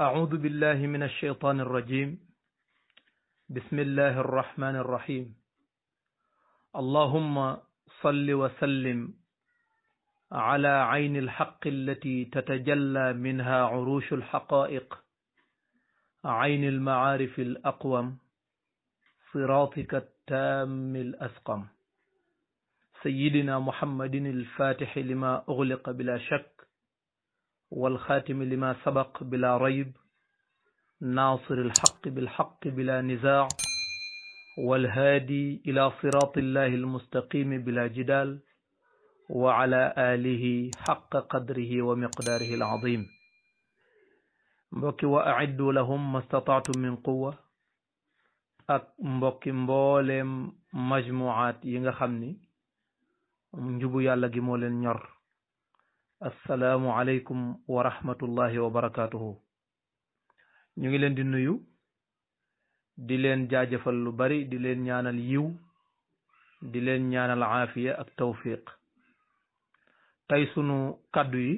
أعوذ بالله من الشيطان الرجيم بسم الله الرحمن الرحيم اللهم صل وسلم على عين الحق التي تتجلى منها عروش الحقائق عين المعارف الأقوم صراطك التام الأسقم سيدنا محمد الفاتح لما أغلق بلا شك والخاتم لما سبق بلا ريب ناصر الحق بالحق بلا نزاع والهادي إلى صراط الله المستقيم بلا جدال وعلى آله حق قدره ومقداره العظيم mbokki wa aciddu lahum mastataatum min quwa ak mbokki mbooleem majmuaat yi nga xam ni njubu yàlla gi moo leen ñor assalaamu aleykum wa rahmatullahi wa ñu ngi leen di nuyu di leen jaajëfal lu bari di leen ñaanal yiw di leen ñaanal aafiya ak tawfiq tey sunu kàddu yi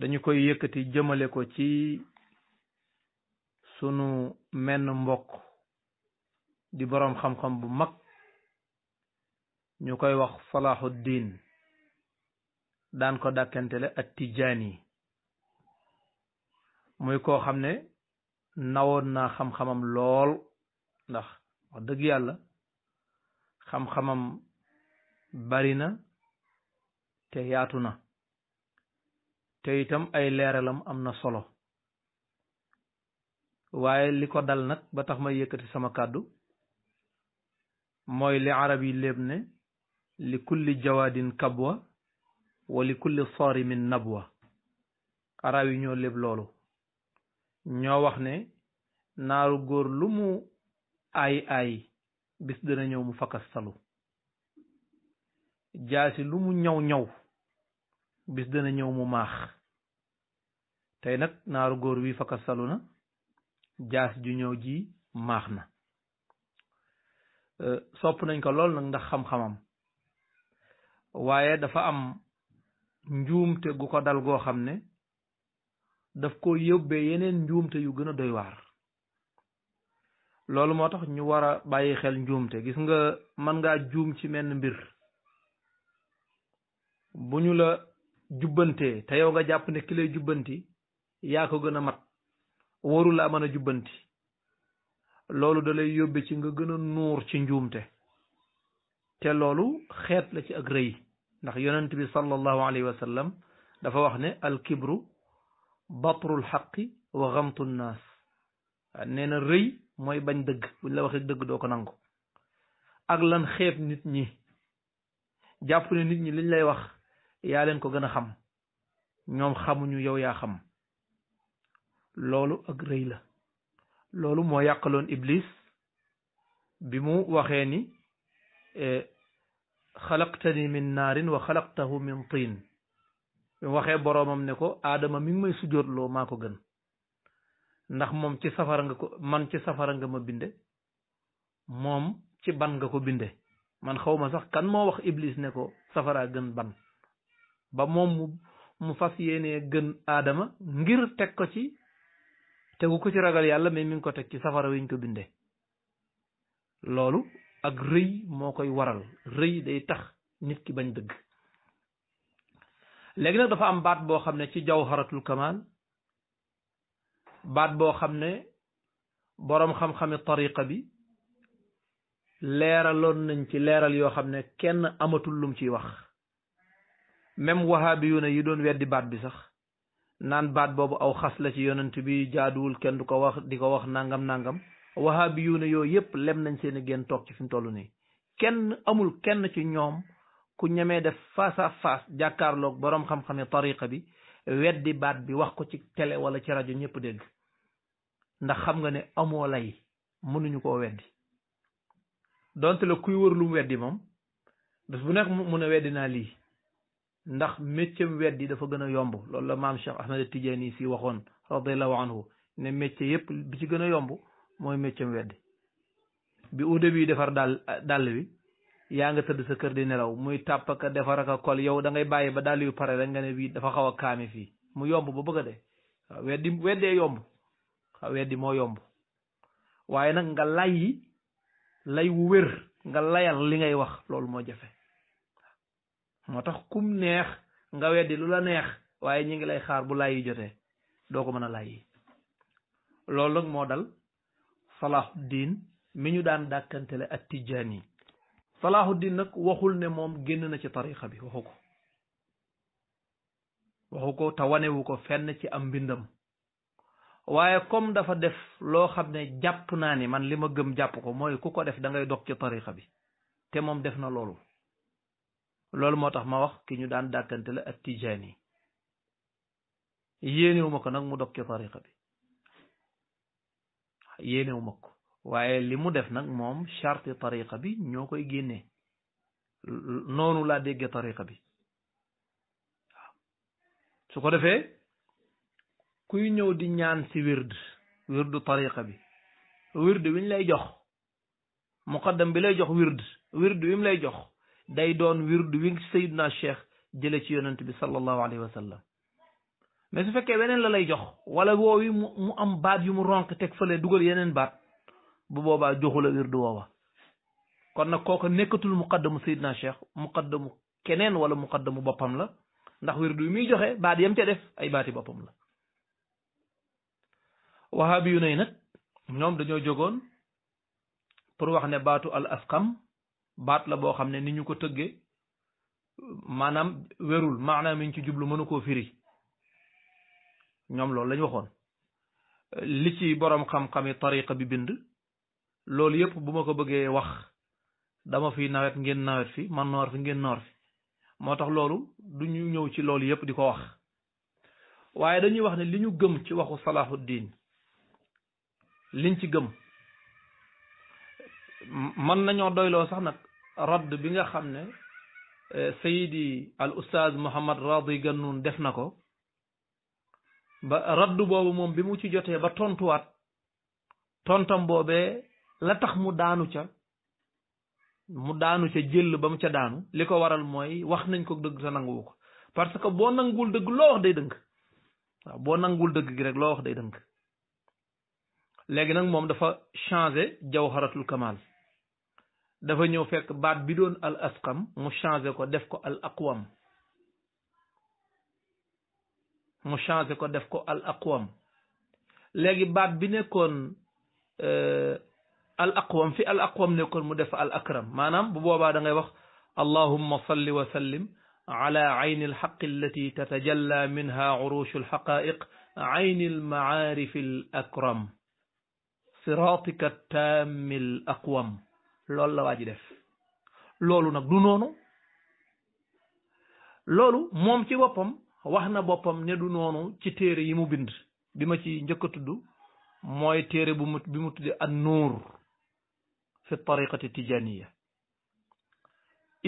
dañu koy yëkkati jëmale ko ci sunu menn mbokk di boroom xam-xam bu mag ñu koy wax Salahuddin daan ko dàkkantele at tijaani muy koo xam ne nawoon naa xam-xamam lool ndax wax dëgg yàlla xam-xamam bari na te yaatu na te itam ay leeralam am na solo waaye li ko dal nag ba tax ma yëkkati sama kàddu mooy li arab yi léeb ne li kulli jawaadin kabwa wali kulli sarimin nabwa arab yi ñoo léb loolu ñoo wax ne naaru góor lu mu aay aay bis dana ñëw mu fakkas salu jaasi lu mu ñëw ñëw bis dana ñëw mu maax tey nag naaru góor wi fakkas salu na jaas ju ñëw ji maax na sopp nañ ko lool nag ndax xam-xamam waaye dafa am njuumte gu ko dal goo xam ne daf ko yóbbee yeneen njuumte yu gën a doy waar loolu moo tax ñu war a bàyyi xel njuumte gis nga man ngaa juum ci menn mbir bu ñu la jubbantee te yow nga jàpp ne ki lay jubbanti yaa ko gën a mat waru laa mën a jubbanti loolu da lay yóbbe ci nga gën a nuur ci njuumte te loolu xeet la ci ak rëy ndax yonent bi sallallahu alayhi wa sallam dafa wax ne alkibru batrul xaqi wa xamtu nnaas nee na rëy mooy bañ dëgg buñ la waxee dëgg doo ko nangu ak lan xeeb nit ñi jàpp ne nit ñi lañ lay wax yaa leen ko gën a xam ñoom xamuñu yow yaa xam loolu ak rëy la loolu moo yàqaloon iblis bi mu waxee ni eh, xalaqtani min naarin wa xalaqtahu min tiin bi mu waxee boroomam ne ko aadama mi ngi may sujootloo maa ko gën ndax moom ci safara nga ko man ci safara nga ma binde moom ci ban nga ko binde man xaw ma sax kan moo wax iblis ne ko safara gën ban ba moom mu mu fas yéenee gën aadama ngir teg ko ci tegu ko ci ragal yàlla mais mi ngi ko teg ci safara wiñ ko binde loolu ak rëy moo koy waral rëy day tax nit ki bañ dëgg léegi nag dafa am baat boo xam ne ci jaw jawharatul kamal baat boo xam ne boroom xam-xami tariqa bi leeraloon nañ ci leeral yoo xam ne kenn amatul lum ciy wax même wahabi yu ne yi doon weddi baat bi sax naan baat boobu aw xas la ci yonant bi jaaduwul kenn du ko wax di ko wax nangam nangam wahabi yu ne yooyu yëpp lem nañ seen i génn toog ci fi mu toll nii kenn amul kenn ci ñoom ku ñemee def face à face boroom xam-xame tariqa bi weddi baat bi wax ko ci télé wala ci rajo ñëpp dégg ndax xam nga ne amoo lay mënuñu koo weddi donte la kuy wër lu mu weddi moom bés bu nekk mu ne weddi naa lii ndax méccam weddi dafa gën a yomb loolu la maam Cheikh Ahmed Tidiane si waxoon radiallahu anhu ne mécce yëpp bi ci gën a yomb mooy méccam weddi bi uude bii defar dàll dàll wi yaa nga tëdd sa kër di nelaw muy tàpp ak defar ak kol yow da ngay bàyyi ba dàll yu pare rek nga ne bii dafa xaw a kaami fii mu yomb ba bëgg a dee weddi weddee yomb waaw weddi moo yomb waaye nag nga layyi lay wu wér nga layal li ngay wax loolu moo jafe moo tax kum neex nga weddi lu la neex waaye ñi ngi lay xaar bu lay yi jotee doo ko mën a lay yi loolu nag moo dal diin mi ñu daan dàkkantele ak tijjaan yi Salahuddin nag waxul ne moom génn na ci tariqa bi waxu ko waxu ko te wanewu ko fenn ci am mbindam waaye comme dafa def loo xam ne jàpp naa ni man li ma gëm jàpp ko mooy ku ko def dangay dog ci tariqa bi te moom def na loolu loolu moo tax ma wax ki ñu daan dàkkante la ak tijaan yi yéenewu ko nag mu dog ci tariqa bi yéenewu ma ko waaye li mu def nag moom charti tariqa bi ñoo koy génnee noonu laa déggee tariqa bi su ko defee kuy ñëw di ñaan si wird wirdu tariqa bi wird wiñ lay jox muqaddam bi lay jox wird wird wi mu lay jox day doon wird wi sayidna cheikh jële ci yonent bi sallallahu alayhi wa sallam mais su fekkee weneen la lay jox wala woowi mu mu am baat yu mu ronk teg fële dugal yeneen baat bu boobaa joxu la wirdu woowa kon nag kooku nekkatul muqaddamu Seydina Cheikh muqaddamu keneen wala muqaddamu boppam la ndax wirdu yi muy joxe baat yam ca def ay baati boppam la wahaabi yu nay nag ñoom dañoo jogoon pour wax ne baatu al askam baat la boo xam ne ni ñu ko tëggee maanaam weerul maanaam mi ñu ci jublu mënu koo firi ñoom loolu lañ waxoon li ci boroom xam-xami tariqa bi bind loolu yëpp bu ma ko bëggee wax dama fi nawet ngeen nawet fi man noor fi ngeen noor fi moo tax loolu du ñu ñëw ci loolu yëpp di ko wax waaye dañuy wax ne li ñu gëm ci waxu Salahuddin liñ ci gëm mën nañoo doyloo sax nag radd bi nga xam ne eh, sayidi al ustaaz Muhammad Radi Gannoun def na ko ba raddu boobu moom bi mu ci jotee ba tontuwaat tontam boobee la tax mu daanu ca mu daanu ca jël ba mu ca daanu li ko waral mooy wax nañ ko dëgg sa nanguwu ko parce que boo nanguwul dëgg loo wax day dëng waaw boo nanguwul dëgg gi rek loo wax day dëng léegi nag moom dafa changé jawharatul kamal dafa ñëw fekk baat bi doon al asqam mu changé ko def ko al aqwam mu changé ko def ko al aqwam léegi baat bi nekkoon euh, al aqwam fi al aqwam nekkoon mu def al akram maanaam bu boobaa da ngay wax allahumma salli wa sallim ala ayni alxaqi allati tatajalla minha urushu alxaqaiq ayni almaarifi al akram siratika tammi al aqwam loolu la waa ji def loolu nag du noonu loolu moom ci boppam wax na boppam ne du noonu ci téere yi mu bind bi ci njëkk a tudd mooy téere bu mu bi mu tudde an nuur fi tariqati tijaniya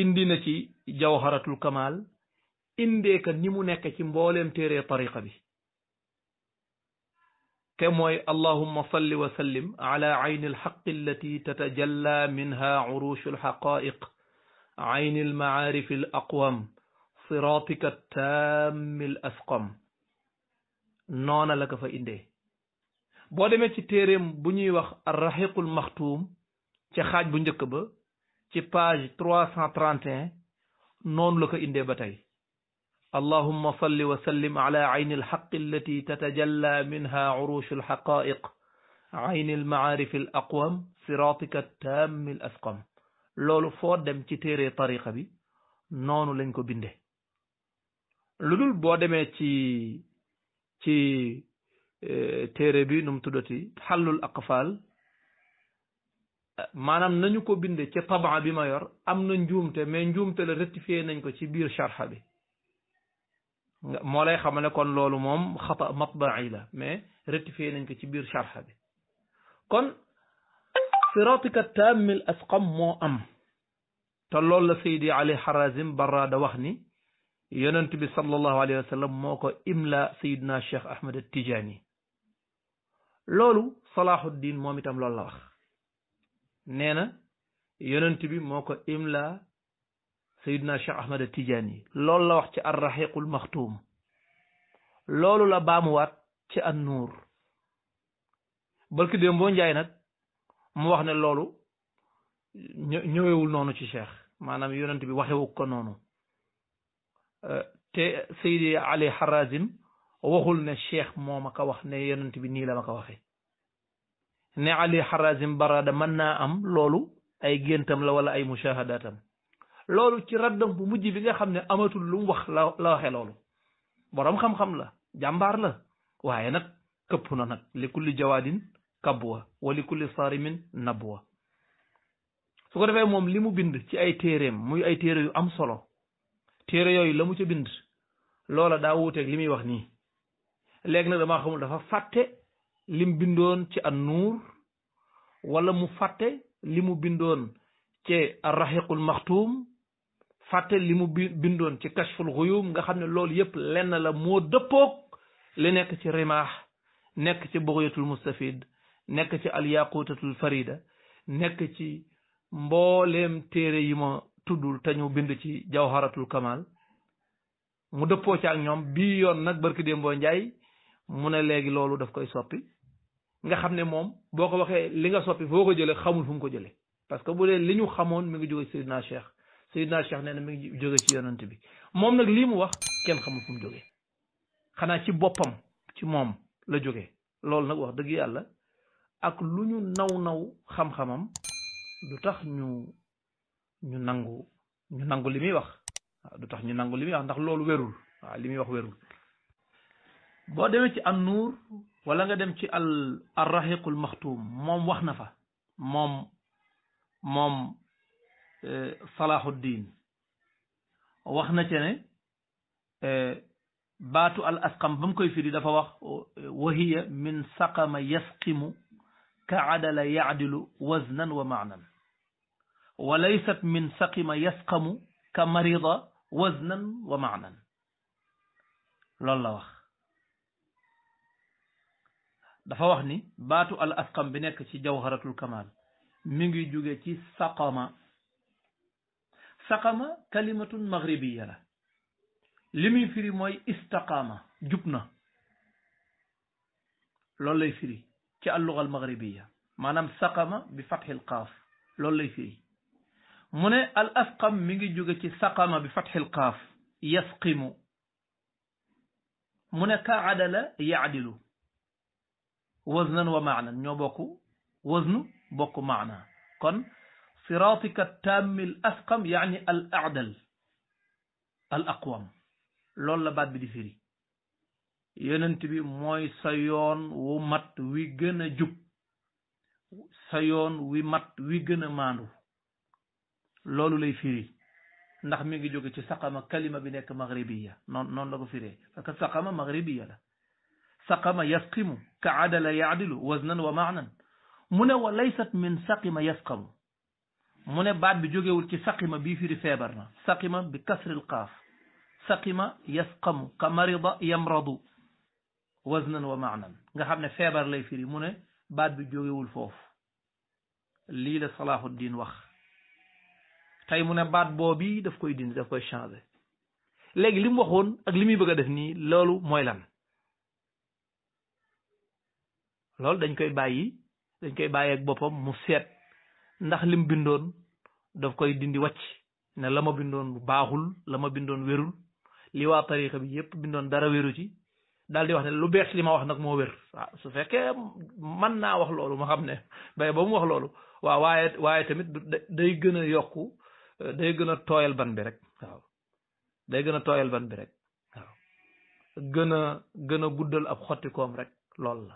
indi na ci jawharatul kamal indeeka ni mu nekk ci mboolem téere tariqa bi te mooy allahumma salli wa sallim ala ayni alxaqi allati tatajalla minha urushu alxaqaiq ayni almaarifi alaqwam siratika tammil asqam noona la ko fa indee boo demee ci téeréem bu ñuy wax arraxiqul maxtuum ci xaaj bu njëkk ba ci page trois cent trente et un noonu la ko indee ba tey allahumma salli wa sallim ala ayni alxaqi allati tatajalla minha urushu alxaqaiq ayni almaarifi al aqwam siratika tammi al asqam loolu foo dem ci téere tariqa bi noonu lañ ko binde lu dul boo demee ci ci e, téere bi nu mu tuddati xallul aqfaal maanaam nañu ko binde ci tabaa bi ma yor am na njuumte mais njuumte la rectifié nañ ko ci biir sharxa bi moo lay xamal kon loolu moom xata matbai la mais rectifié nañ ko ci biir sharxa bi kon siratika tammil asqam moo am te loolu la saydi ali harazim barada wax ni yonent bi sallallahu alayhi wa moo ko imla sayidna cheikh ahmad al tijaani loolu salahuddin moom itam loolu la wax nee na yonent bi moo ko imla sayidna cheikh ahmad al tijaani loolu la wax ci arrahiqul maxtuum loolu la baamuwaat ci annuur barki démb boo njaay nag mu wax ne loolu ñëwewul noonu ci cheikh maanaam yonent bi waxewu ko noonu te Seydi Ali Harazim waxul ne cheikh moo ma wax ne yonent bi nii la ma ko waxee ne Ali Harazim barada mën naa am loolu ay géntam la wala ay mushahadatam loolu ci raddam bu mujj bi nga xam ne amatul lu wax la waxe waxee loolu boroom xam-xam la jàmbaar la waaye nag këpp na nag li kulli jawaadin kabwa wa li kulli saarimin nabwa su ko defee moom li mu bind ci ay téeréem muy ay téere yu am solo téere yooyu la mu ca bind loola daa wuuteeg li muy wax nii léegi nag damaa xamul dafa fàtte lim bindoon ci an nuur wala mu fàtte limu bindoon ci arraxiqul maxtuum li mu ci kashful xuyum nga xam ne loolu yëpp lenn la moo dëppoog li nekk ci rimaax nekk ci buxyatul mustafid nekk ci alyaqutatul farida nekk ci mbooleem téere yi tuddul te ñu bind ci jawharatul kamal mu dëppoo ci ak ñoom bi yoon nag barki démboo njaay mu ne léegi loolu daf koy soppi nga xam ne moom boo ko waxee li nga soppi foo ko jëlee xamul fu mu ko jëlee parce que bu dee li ñu xamoon mi ngi jóge ci Seydina Cheikh Seydina Cheikh nee na mi ngi jóge ci yonent bi moom nag lii mu wax kenn xamul fu mu xanaa ci boppam ci moom la jóge loolu nag wax dëgg yàlla ak lu ñu naw naw xam-xamam du tax ñu ñu nangu ñu nangu li muy wax du tax ñu nangu li muy wax ndax loolu wérul waaw li muy wax wérul boo demee ci annuur wala nga dem ci al arrahiqul maxtuum moom wax na fa moom moom e, salahuddin wax na ci e, baatu al asqam ba koy firi dafa wax wahiya min saqama yasqimu ka adala yaadilu waznan wa maanan wa laysat min saqima yasqamu ka marida waznan wa maanan loolu la wax dafa wax ni baatu al asqam bi nekk ci jawharatul kamal mi ngi jóge ci saqama saqama kalimatun maghribiya la li muy firi mooy istaqaama jub na loolu lay firi ci alluga al maghribiya maanaam saqama bi fathil qaaf loolu lay firi mu ne al asqam mi ngi jóge ci saqama bi fatxil qaaf yasqimu mu ne kaada la yaadilu waznan wa maanan ñoo bokk waznu bokk maana kon siratika tammi al asqam yaani al aadal al aqwam loolu la baat bi di firi yonent bi mooy sa yoon wu mat wi gën a jub sa yoon wi mat wi gën a maandu loolu lay firi ndax mi ngi jóge ci saqama kalima bi nekk maghribiya noon noonu la ko firee parce que saqama maghribiya la saqama yasqimu ka adala yaadilu waznan wa maanan mu ne wa laysat min saqima yasqamu mu ne bi jógewul ci saqima bii firi feebar na saqima bi kasril qaaf saqima yasqamu ka marida yamradu waznan wa maanan nga xam ne feebar lay firi mu ne baat bi jógewul foofu lii la salaahuddin wax tey mu ne baat boobu daf koy dindi daf koy changé léegi li mu waxoon ak li muy bëgg a def nii loolu mooy lan loolu dañ koy bàyyi dañ koy bàyyi boppam mu seet ndax lim bindoon daf koy dindi wàcc ne la ma bindoon baaxul la ma bindoon wérul li waa tariqa bi yëpp bindoon dara wéru ci dal di wax ne lu beex li ma wax nag moo wér waaw ah, su fekkee mën naa wax loolu ma xam ne bay ba mu wax loolu waaw waaye tamit day gën yokku day gën a tooyal ban bi rek waaw day gën a tooyal ban bi rek waaw gën a gën a guddal ab xottikoom rek lool la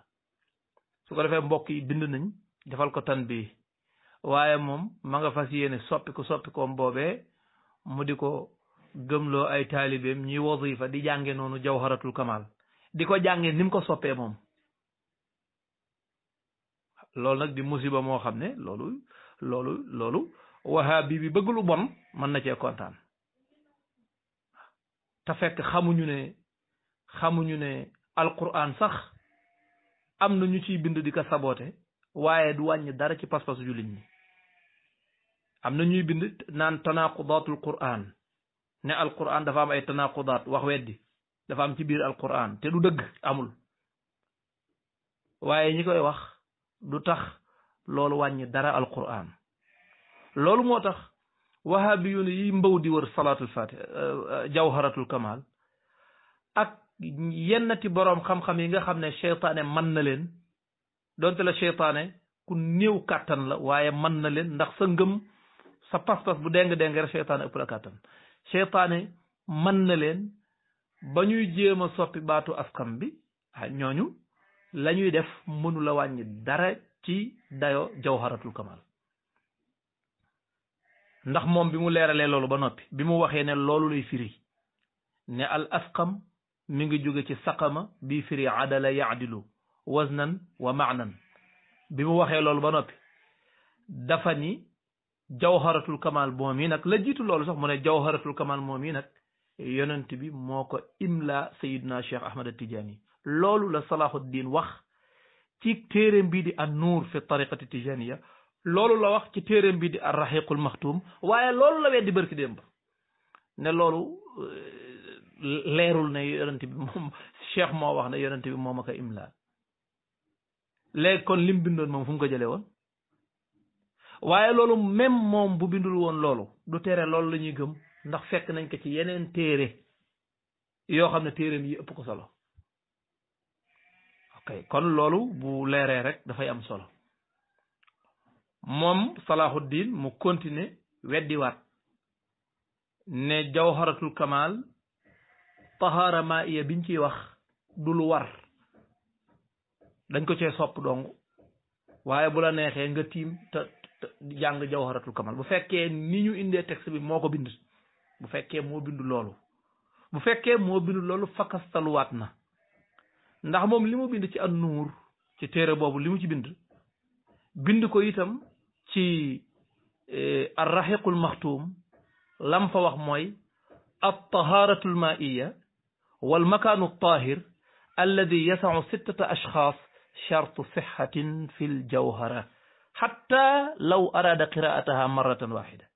su ko defee mbokk yi bind nañ defal ko tan bi waaye moom ma nga fas yéene soppiku soppikoom boobee mu di ko gëmloo ay taalibeem ñuy wazifa di jànge noonu jawharatul kamal di ko jànge ni ko soppee moom loolu nag di musiba moo xam ne loolu loolu loolu wahabi bi bëgg lu bon mën na cee kontaan te fekk xamuñu ne xamuñu ne alquran sax am na ñu ciy bind di ko saboote waaye du wàññi dara ci pas-pasu jullit ñi am na ñuy bind naan tanaqudatul quran ne alquran dafa am ay tanaqudat wax weddi dafa am ci biir alquran te du dëgg amul waaye ñi koy wax du tax loolu wàññi dara alquran loolu moo tax wahabi yu ne yi mbaw di wër salaatul fatiha euh, euh, jawharatul kamal ak yennati boroom xam-xam yi nga xam ne seytaane mën na leen donte la seytaane ku néew kàttan la waaye mën na leen ndax sa ngëm sa pas-pas bu deng-deng rek seytaane ëpp la kàttan seytaane mën na leen ba ñuy jéem a soppi baatu askan bi ñooñu la ñuy def mënula wàññi dara ci dayo jawharatul kamal ndax moom bi mu leeralee loolu ba noppi bi mu waxee ne loolu lay firi ne al asqam ngi jóge ci saqama bi firi adala yaadilu waznan wa maanan bi mu waxee loolu ba noppi dafa ni jawharatul kamal moom yi nag la jiitu loolu sax mu ne jawharatul kamal moom yi nag yonent bi moo ko imla sayiduna cheikh ahmad tijaani loolu la salahuddin wax ci téereem bii di an nuur fi tariqati tijaniya loolu la wax ci téeréem bi di a arraxiqul maxtuum waaye loolu la weddi bërki démb ne loolu euh, leerul ne yonent bi moom cheikh moo wax ne yonent bi moom ak a imlaal léegi kon lim bindoon moom fum ko jëlee woon waaye loolu même moom bu bindul woon loolu du tere loolu lañuy ñuy gëm ndax fekk nañ ko ci yeneen téere yoo xam ne téereem yi ëpp ko solo ok kon loolu bu leeree rek dafay am solo moom salahuddin mu continuer weddiwaat ne jawharatul kamal tahara maiya biñ ciy wax du war dañ ko cee sopp dong waaye bu la neexee nga tiim te jàng jawharatul kamal bu fekkee ni ñu indee texte bi moo ko bind bu fekkee moo bind loolu bu fekkee moo bind loolu fakastaluwaat na ndax moom li mu bind ci an nuur ci téere boobu li mu ci bind bind ko itam ci e, arraxiqul maxtuum lam fa wax mooy altaharatu almaiya walmakaanu altahir alladi yasaau sittata ashxaas chartu sixatin fi ljawhara xatta law araada qiraataha marratan waxida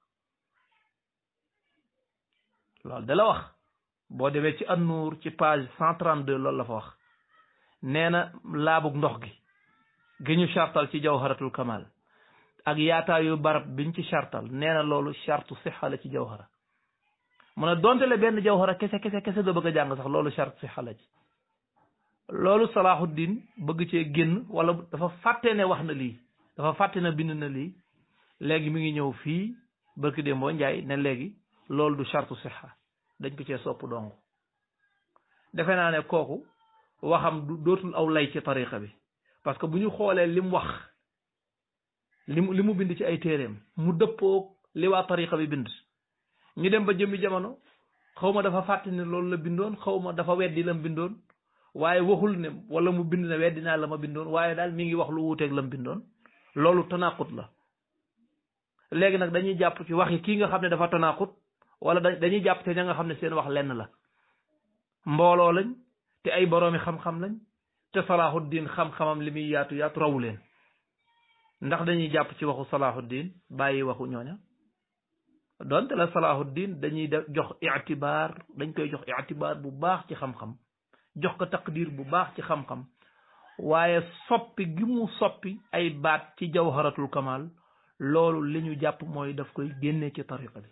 loolu da la wax boo demee ci annuur ci page cent trente deux loolu la fa wax nee na laabug ndox gi gi ñu chartal ci jawharatul kamal ak yaataayu barab biñ ci chartal nee na loolu chartu sixa ci jawhara mu ne donte le benn jawhara kese kese kese doo bëgg a jàng sax loolu chartu sixa la ci loolu din bëgg cee génn wala dafa fàtte ne wax na lii dafa fàtte na bind na lii léegi mi ngi ñëw fii barki démboo njaay ne léegi loolu du chartu sixa dañ ko cee sopp dong defe naa ne kooku waxam dootul aw lay ci tariqa bi parce que bu ñu xoolee lim wax li mu li mu bind ci ay téeréem mu dëppoo li waa tariqa bi bind ñu dem ba jëmmi jamono xaw ma dafa fàtte ne loolu la bindoon xaw ma dafa weddi lam bindoon waaye waxul ne wala mu bind ne weddi naa la ma bindoon waaye daal mi ngi wax lu wuuteeg lam bindoon loolu tanaqut la léegi nag dañuy jàpp ci waxi kii nga xam ne dafa tanaqut wala dañuy jàpp te ña nga xam ne seen wax lenn la mbooloo lañ te ay boroomi xam-xam lañ te salaahu diin xam-xamam li muy yaatu yaatu rawu ndax dañuy jàpp ci waxu salahuddin bàyyi waxu ñooña donte la salahuddin dañuy def jox itibaar dañ koy jox itibaar bu baax ci xam-xam jox ko taqdir bu baax ci xam-xam waaye soppi gi mu soppi ay baat ci jawharatul kamal loolu li ñu jàpp mooy daf koy génne ci tariqa bi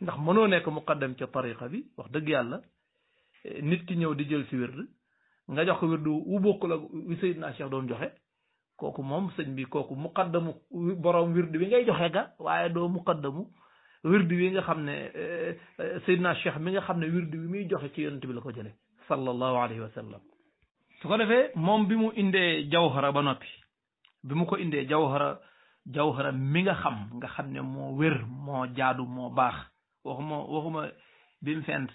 ndax mënoo nekk muqaddam ca tariqa bi wax dëgg yàlla nit ki ñëw di jël si wird nga jox ko wird wu bokkul ak wi Seydina Cheikh doon joxe kooku moom sëñ bi kooku muqaddamu borom wird bi ngay joxe ga waaye doo muqaddamu wird bi nga xam ne eh, eh, na Cheikh mi nga xam ne wird bi muy joxe ci yonent bi la ko jële sallallahu alayhi wa sallam su ko defee moom bi mu indee jawhara ba noppi bi mu ko indee jawhara jawhara mi nga xam nga xam ne moo wér moo jaadu moo baax waxuma waxuma bi mu fent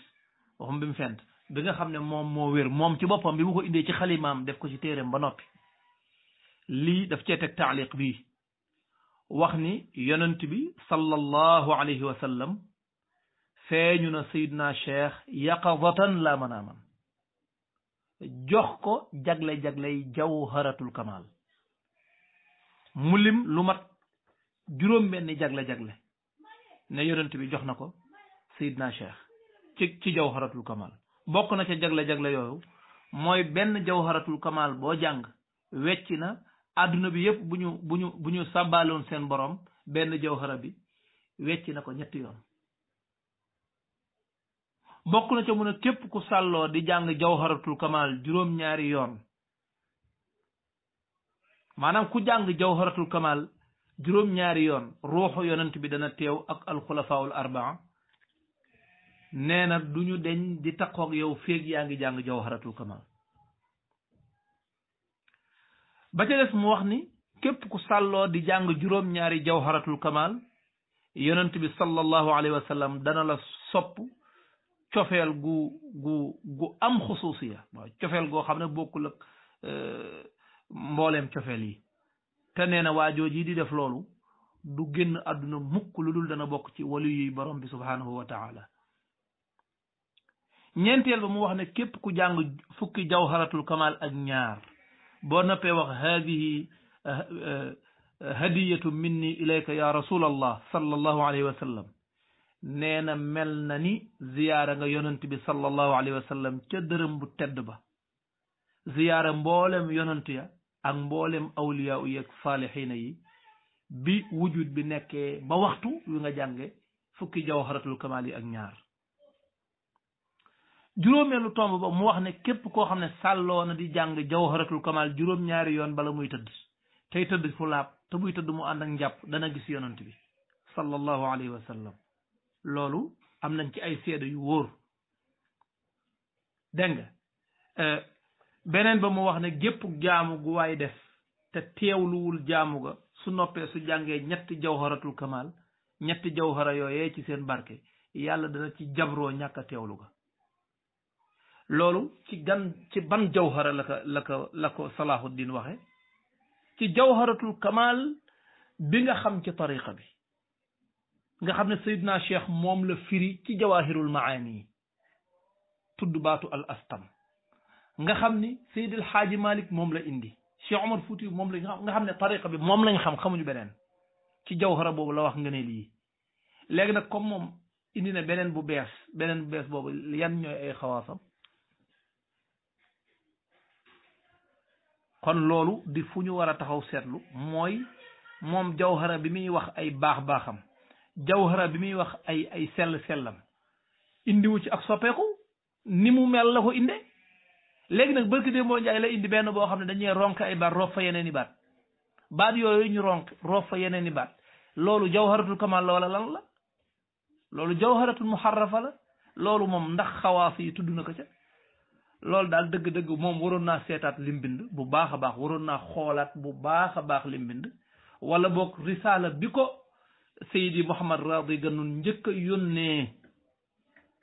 waxuma bi mu fent bi nga xam ne moom moo wér moom ci boppam bi mu ko indee ci xalimaam def ko ci téereem ba noppi lii daf cee teg taaliq bii wax ni yonent bi sallallahu alayhi wa sallam feeñu na sayidna cheikh yaqadatan la jox ko jagle-jagley jawharatul kamal mulim lu mat juróom benni jagle-jagle ne yonent bi jox na ko sayidna cheikh ci ci jawharatul kamal bokk na ca jagle-jagle yooyu mooy benn jawharatul kamal boo jàng wecci na adduna bi yëpp bu ñu bu ñu bu ñu sàbbaaloon seen borom benn jawhara bi wecc na ko ñetti yoon bokk na ca mun a képp ku sàlloo di jàng jawharatul kamal juróom-ñaari yoon maanaam ku jàng jawharatul kamal juróom-ñaari yoon ruuxu yonent bi dana teew ak alxulafaawul arbaa nee na du ñu deñ di takkoog yow féeg yaa ngi jàng jawharatul kamal ba ca des mu wax ni képp ku sàlloo di jàng juróom-ñaari jawharatul kamaal yenent bi sallallahu alayhi wa sallam dana la sopp cofeel gu gu gu am xusuusiya cofeel goo xam ne bokkul ak euh, mboolem cofeel yi te nee na waajoo ji di def loolu du génn àdduna mukk lu dul dana bokk ci wali yuy borom bi subhaanahu wa taala ñeenteel ba mu wax ne képp ku jàng fukki jawharatul kamaal ak ñaar boo noppee wax haadihi eh, eh, hadiyatu minni ilayka ya rasul allah sallallahu alayhi wa na mel na ni ziyaara nga yonent bi sallallahu alayhi wa bu tedd ba ziyaara mboolem yonent ak mboolem awliya u yeeg saalixiina yi bi wujud bi nekke ba waxtu wi nga jànge fukki jawharatul kamal ak ñaar juróomeelu tomb ba mu wax ne képp koo xam ne sàlloo na di jàng jawharatul kamal juróom-ñaari yoon bala muy tëdd tey tëdd fu laab te buy tëdd mu ànd ak njàpp dana gis yonant bi sallallahu alayhi wa sallam loolu am nañ ci ay seede yu wóor dégg nga euh, beneen ba mu wax ne gépp jaamu gu waay def te luwul jaamu ga su noppee su jàngee ñetti jawharatul kamal ñetti jawhara yooyee ci seen barke yàlla dana ci jabroo ñàkk a teewlu ga loolu ci gan ci ban jawhara la ko la ko la ko waxe ci jawharatul kamal bi nga xam ci tariqa bi nga xam ne Seydina Cheikh moom la firi ci jawahirul maani yi tudd baatu al astam nga xam ni Seydil Xaaji Malik moom la indi Cheikh Omar Fouti moom la nga xam ne tariqa bi moom lañ xam xamuñu beneen ci jawhara boobu la wax nga ne lii léegi nag comme moom indi na beneen bu bees beneen bu bees boobu yan ñooy ay xawaasam kon loolu di fu ñu war a taxaw seetlu mooy moom jawhara bi muy wax ay baax-baaxam jawhara bi muy wax ay ay sell-sellam indiwu ci ak soppeeku ni mu mel la ko inde léegi nag barki dee moo njaay la indi benn boo xam ne dañuy ronk ay baat roof fa yeneen i baat baat yooyu ñu ronk roof fa yeneen i baat loolu jawharatul kamal la wala lan la loolu jawharatul muharrafa la loolu moom ndax xawaas yi tudd na ko ca loolu daal dëgg-dëgg moom waroon naa seetaat li bind bu baax a baax waroon naa xoolaat bu baax a baax lim bind wala boog risaala bi ko Seydi Mouhamad Raadi Ganoune njëkk a yónnee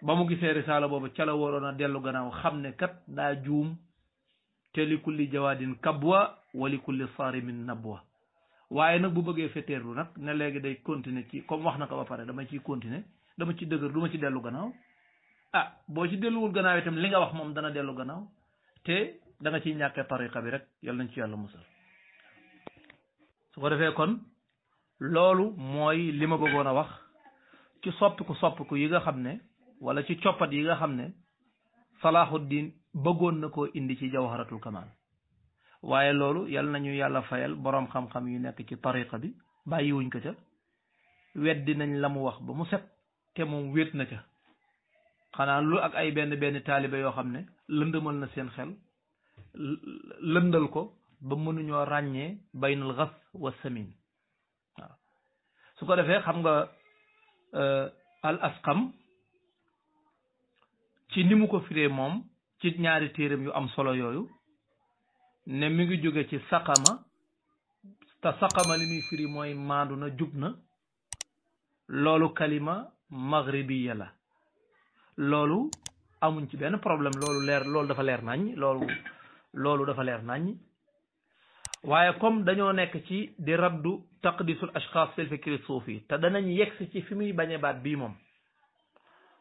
ba mu gisee risaala boobu ca la waroon a dellu gannaaw xam ne kat daa juum te li kulli jawaadin kabwa wa li kulli saarimin nabwa waaye nag bu bëggee feteerlu nag ne léegi day continuer ci comme wax na ko ba pare dama ciy continuer dama ci dëgër du ci dellu gannaaw ah boo ci delluwul gannaaw itam li nga wax moom dana dellu gannaaw te da ci ciy ñàkkee tariqa bi rek yal nañ ci yàlla musal su ko defee kon loolu mooy li ma bëggoon a wax ci soppiku soppiku yi nga xam ne wala ci coppat yi nga xam ne Salahuddin bëggoon na koo indi ci jawharatul kamal waaye loolu yal nañu yàlla fayal boroom xam-xam nekk ci tariqa bi bàyyiwuñ ko ca weddi nañ la wax ba mu set te moom wéet na ca xanaa lu ak ay benn benn taalibe yoo xam ne lëndëmal na seen xel lëndal ko ba mënuñoo ràññee baynal xas wa samin su ko defee xam nga euh, al asqam ci ni mu ko firee moom ci ñaari téeram yu am solo yooyu ne mi ngi jóge ci saqama te saqama li muy firi mooy maandu na jub na loolu kalima maghribiya la loolu amuñ ci benn problème loolu leer loolu dafa leer nañ loolu loolu dafa leer nañ waaye comme dañoo nekk ci di raddu taqdisul ashxaas fil suuf yi te danañ yegsi ci fi muy bañe baat bii moom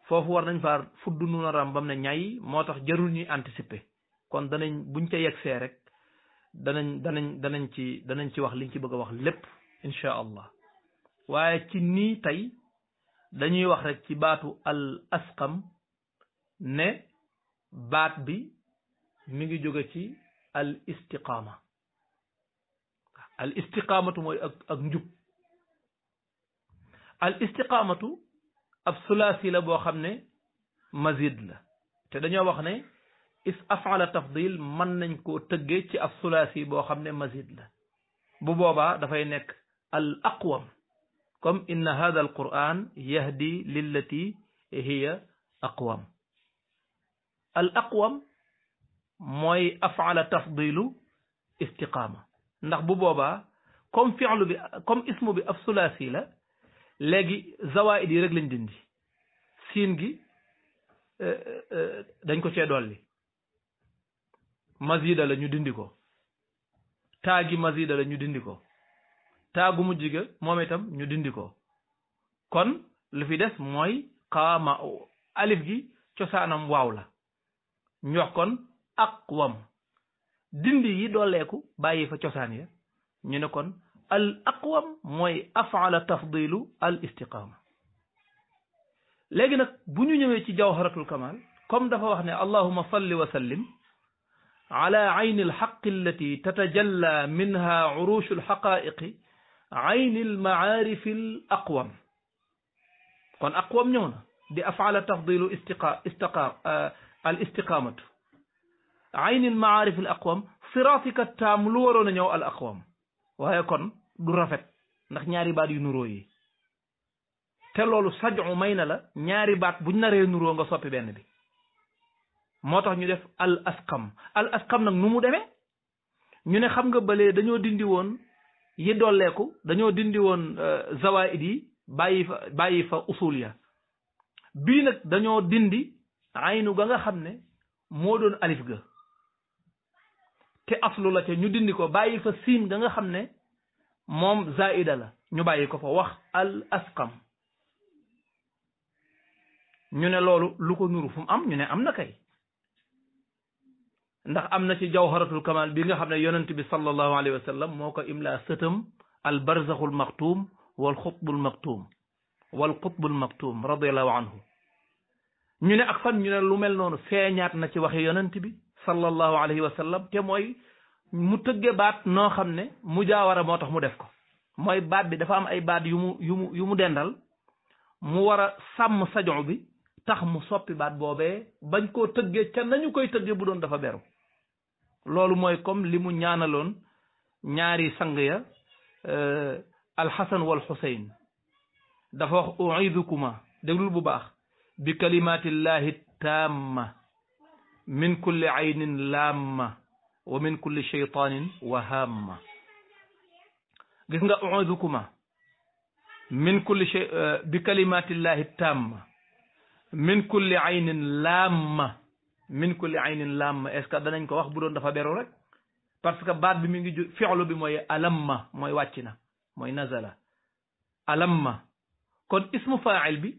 foofu war nañ faa fudd nuun a ram bam ne ñay moo tax jarul ñuy anticiper kon danañ buñ ca yegsee rek danañ danañ danañ ci danañ ci wax liñ ci bëgg a wax lépp incha allah waaye ci nii tey dañuy wax rek ci baatu al asqam ne baat bi mu ngi jóge ci al istiqaama mooy ak ak njub al istiqaamatu ab sulaasi la boo xam ne mazid la te dañoo wax ne is afala tafdil mën nañ koo tëggee ci ab sulaasi boo xam ne mazid la bu boobaa dafay nekk al aqwam comme inna hada al quran yahdi lillati hiya aqwam al aqwam mooy afala tafdilu istiqaama ndax bu boobaa comme fi'lu bi comme ismu bi af sulaasi la léegi zawaid yi lañ dindi siin gi euh, euh, dañ ko cee dolli mazida la ñu dindi ko taagi mazida la ñu dindi ko taagu mujj ga moom itam ñu dindi ko kon lu fi des mooy qaama alif gi cosaanam waaw la ñu wax kon aqwam dindi yi dooleeku bàyyi fa cosaan ya ñu ne kon al aqwam mooy afala tafdilu al istiqama léegi nag bu ñu ñëwee ci jawharatul kamal comme dafa wax ne allahuma salli wa sallim ala ayni alxaqi allati tatajalla minha urushu alxaqaiqi ayn al maarif al aqwam kon aqwam ñëw di afaal tafdilu istiqa istiqa euh, al ayn al maarif al aqwam lu waroon a ñëw al aqwam waaye kon du rafet ndax ñaari baat yu nuroo yi te loolu saju may na la ñaari baat buñ naree nuroo nga soppi benn bi moo tax ñu def al askam al nu mu deme ñu ne xam nga bële dañoo dindi woon yi dolleeku dañoo dindi woon euh, zawaid yi bàyyi fa bàyyi fa usul ya bii nag dañoo dindi aynu ga nga xam ne moo doon alif ga te aslu la ca ñu dindi ko bàyyi fa siin ga nga xam ne moom zaida la ñu bàyyi ko fa wax al asqam ñu ne loolu lu ko nuru fu am ñu ne am na kay ndax am na ci jawharatul kamal bi nga xam ne yonent bi sallallahu alayhi wa sallam moo ko imlaa sëtam al barzaxul maktuum wal xutbul maktuum wal xutbul maktuum radiallahu anhu ñu ne ak fan ñu ne lu mel noonu feeñaat na ci waxe yonent bi sallallahu alayhi wa sallam te mooy mu tëgge baat noo xam ne mu jaawara moo tax mu def ko mooy baat bi dafa am ay baat yu mu yu mu yu mu dendal mu war a sàmm sajo bi tax mu soppi baat boobee bañ koo tëggee ca nañu koy tëggee bu doon dafa beru loolu mooy comme li mu ñaanaloon ñaari sang ya euh, alxasan wal xusayn dafa wax uidukuma déglul bu baax bi kalimatillahi tamma min kulli aynin laamma wa min kulli shaytanin wahamma gis nga uidukuma min kulli shay euh, bi kalimatillahi tamma min kulli aynin laamma min kulli aynin làmm est-ce danañ ko wax bu doon dafa beru parce que baat bi mi ngi ju fi'lu bi mooy alamma mooy wàcc na mooy nazala alamma kon ismu fa'il bi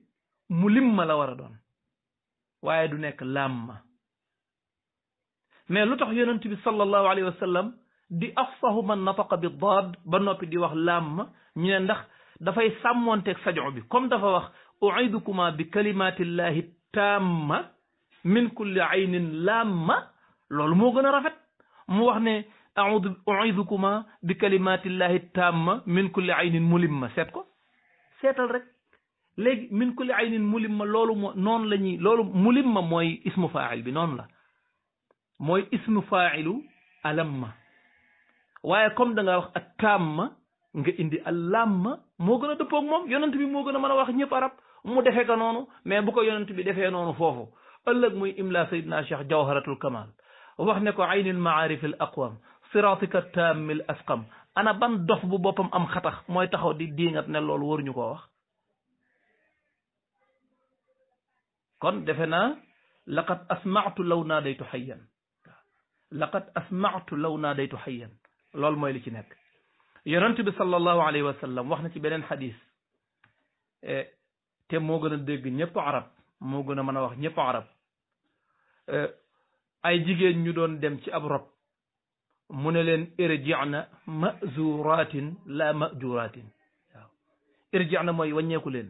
mu limma la war a doon waaye du nekk làmma mais lu tax yonent bi sallallahu alayhi wa di afsahu man nafaqa bi daad ba noppi di wax làmma ñu ne ndax dafay sàmmoonteeg sajo bi comme dafa wax uidukuma bi kalimatillahi tamma min kulli aynin lamma loolu moo gën a rafet mu wax ne audu uidukuma bi kalimatillahi tamma min kulli aynin mulimma seet ko seetal rek léegi min kulli aynin mulimma loolu moo noonu la ñuy loolu mulimma mooy ismu faa'il bi noon la mooy ismu faa'ilu alamma waaye comme da nga wax ak tamma nga indi alamma moo gën a dëppoog moom yonent bi moo gën a mën a wax ñëpp arab mu defe ko noonu mais bu ko yonent bi defee noonu foofu ëllëg muy imla sayidna cheikh jawharatul kamal wax ne ko aynil maarif al aqwam siratika tammil asqam ana ban dof bu boppam am xatax mooy taxaw di diingat ne loolu ñu koo wax kon defe naa laqad asmatu law naa daytu xayyan laqad asmatu law naa daytu xayyan loolu mooy li ci nekk yonent bi sallallahu alayhi wa sallam wax na ci beneen xadis eh, te moo gën a dégg ñëpp arab moo gën a mën a wax ñëpp arab Euh, ay jigéen ñu doon dem ci ab rob mu ne leen irjina mazuratin la majuratin waaw irjina mooy wàññeeku leen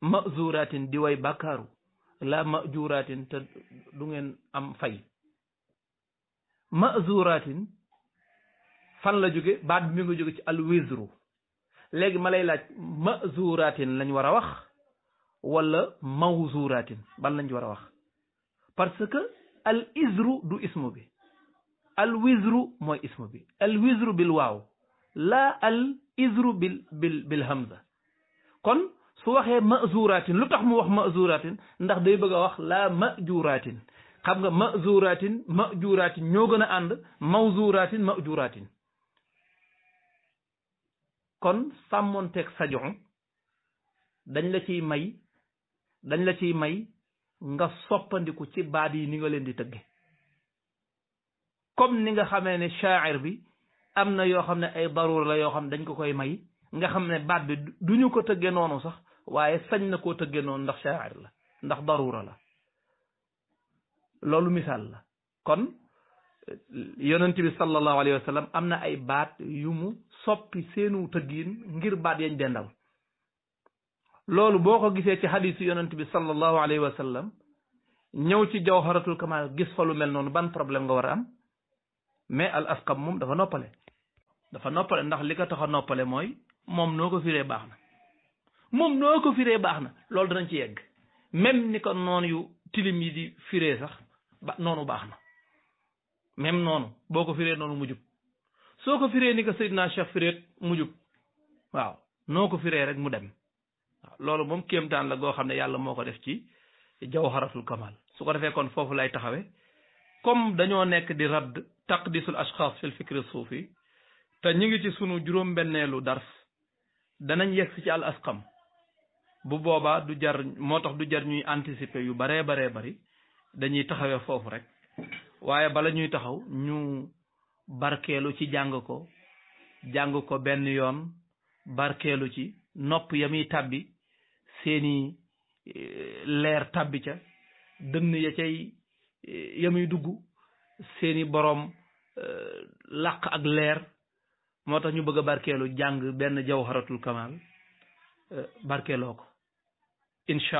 mazuratin di way bàkkaaru la majuratin te du ngeen am fay mazuratin fan la jóge ba bi mi jóge ci al wizru léegi ma lay laaj mazuratin lañ war a wax wala mawzuratin ban lañ war a wax parce que al izru du ismu bi al wizru mooy ismu bi al wizru bil waaw laa al izru bil bil hamza kon su waxee mazuratin lu tax mu wax mazuratin ndax day bëgg a wax laa majuratin xam nga mazuratin majuratin ñoo gën a ànd mawzuratin majuratin kon sàmmoonteeg sajon dañ la ciy may dañ la ciy may nga soppandiku ci baat yi ni nga leen di tëgge comme ni nga xamee ne shaair bi am na yoo xam ne ay daruur la yoo xam ne dañ ko koy may nga xam ne baat bi du ñu ko tëgge noonu sax waaye sañ na koo tëgge noonu ndax shaair la ndax daruura la loolu misaal la kon yonent bi sallallahu alayhi wa am na ay baat yu mu soppi seenu tëggiin ngir baat yañ dendal loolu boo ko gisee ci xadisu yonant bi sallallahu alayhi wa sallam ñëw ci jawharatul kamal gis fa mel noonu ban problème nga war am mais al asqam moom dafa noppale dafa noppale ndax li ko tax a noppale mooy moom noo ko firee baax na moom noo ko baax na loolu danañ ci yegg même ni ko noonu yu tilim yi di firee sax ba noonu baax na même noonu boo ko firee noonu mu soo ko firee ni ko Seydina Cheikh firee mu jub waaw noo ko firee rek mu dem waaw loolu moom kéemtaan la goo xam ne yàlla moo ko def ci jawharatul kamal su ko defee kon foofu lay taxawe comme dañoo nekk di radd taqdisul ashxaas fil fikri suufi te ñu ngi ci sunu juróom-benneelu dars danañ yegg ci al asqam bu boobaa du jar moo tax du jar ñuy anticiper yu baree baree bari dañuy taxawee foofu rek waaye bala ñuy taxaw ñu barkeelu ci jàng ko jàng ko benn yoon barkeelu ci nopp ya tàbbi seeni eh, leer tàbbi ca dënn ya cay eh, yamuy dugg seeni boroom eh, làq ak leer moo tax ñu bëgg a barkeelu jàng benn jawharatul kamal barkeeloo ko incha